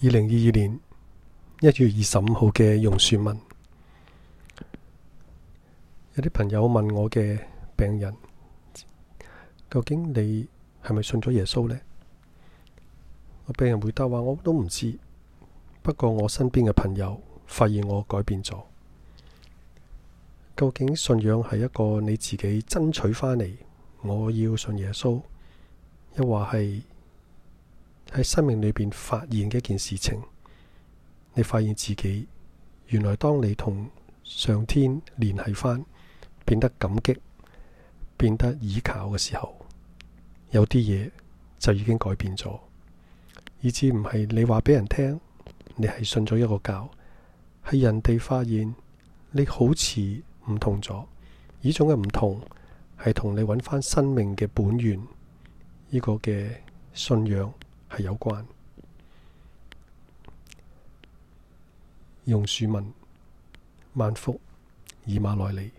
二零二二年一月二十五號嘅榕樹文，有啲朋友問我嘅病人，究竟你係咪信咗耶穌呢？我病人回答話：我都唔知，不過我身邊嘅朋友發現我改變咗。究竟信仰係一個你自己爭取翻嚟？我要信耶穌，又或係？喺生命裏邊發現嘅一件事情，你發現自己原來當你同上天聯繫翻，變得感激，變得倚靠嘅時候，有啲嘢就已經改變咗。以致唔係你話俾人聽，你係信咗一個教，係人哋發現你好似唔同咗。呢種嘅唔同係同你揾翻生命嘅本源呢個嘅信仰。係有關。榕樹文萬福，以馬內利。